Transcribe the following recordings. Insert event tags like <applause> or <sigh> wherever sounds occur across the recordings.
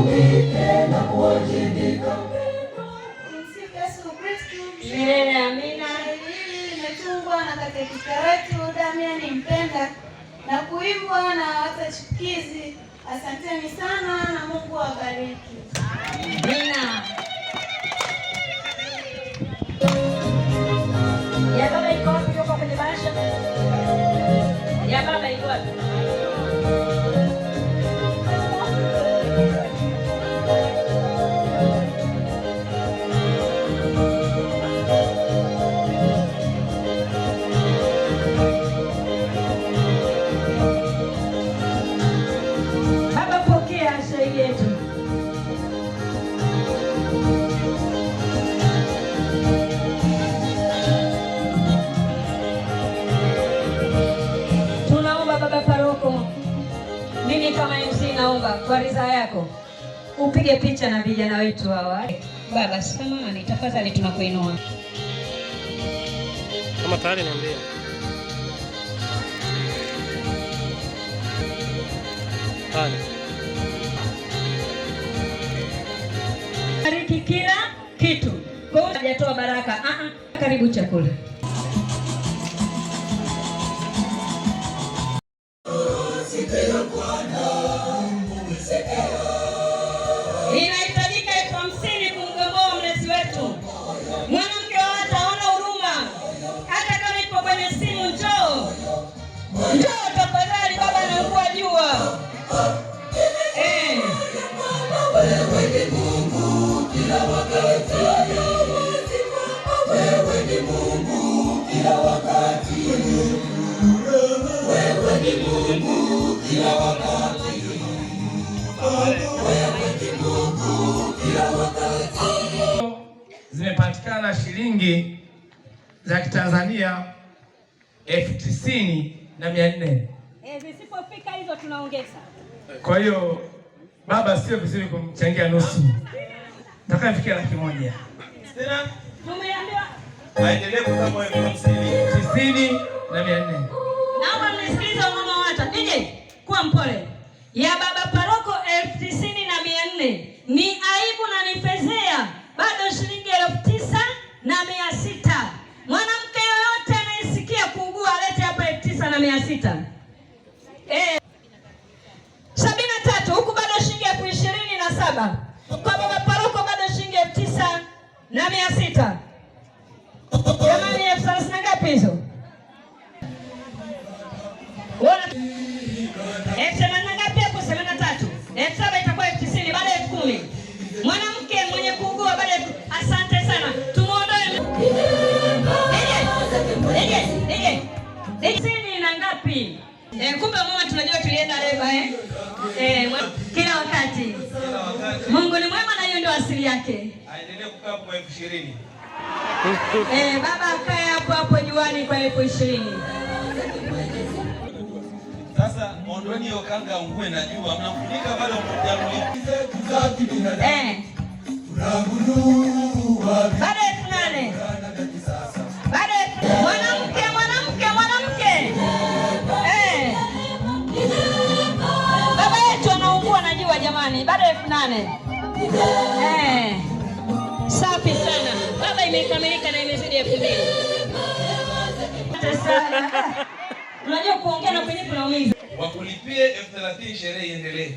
upite na kuwajibika. na katekista wetu Damian Mpenda na kuimbwa na watachipukizi. Asanteni sana na Mungu naomba kwa ridhaa yako upige picha na vijana wetu hawa. Baba samani, tafadhali tunakuinua. Kama tayari niambia Bariki kila kitu. Kwa hiyo hajatoa baraka. Ah, ah karibu chakula. shilingi za Kitanzania elfu tisini na mia nne. Eh, visipofika hizo tunaongeza. Kwa hiyo baba, sio vizuri kumchangia nusu, takafikia laki moja tisini na mia nne. Naomba mnisikiliza mama wata DJ, kuwa mpole ya baba paroko elfu tisini na mia nne ni aibu na necesitan. Eh, kumbe mama tunajua tulienda leva eh? Eh, kila wakati. Mungu ni mwema na hiyo ndio asili yake. Aendelee kukaa kwa elfu ishirini. Eh, baba kae hapo hapo juani kwa elfu ishirini. Sasa ondoni hiyo kanga ungue na jua mnafunika bado mtamu. imekamilika na imezidi elfu mbili. Unajua kuongea na kwenye kunaumiza. Wakulipie elfu thelathini, sherehe iendelee.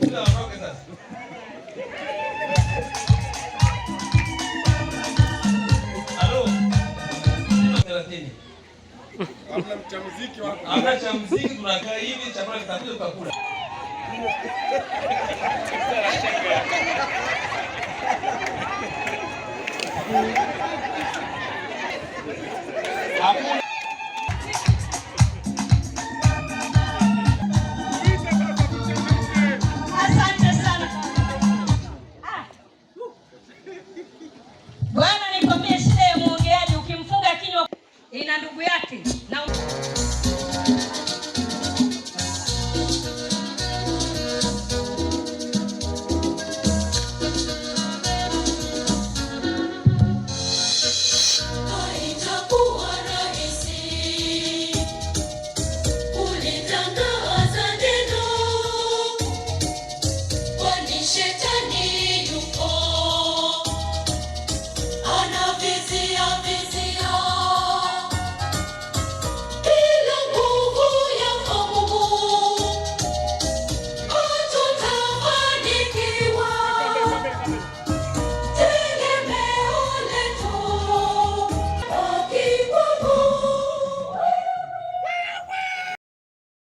Waondoke sasa. Hamna cha mziki, tunakaa hivi, chakula kitapita, tutakula. <laughs> Абонирайте!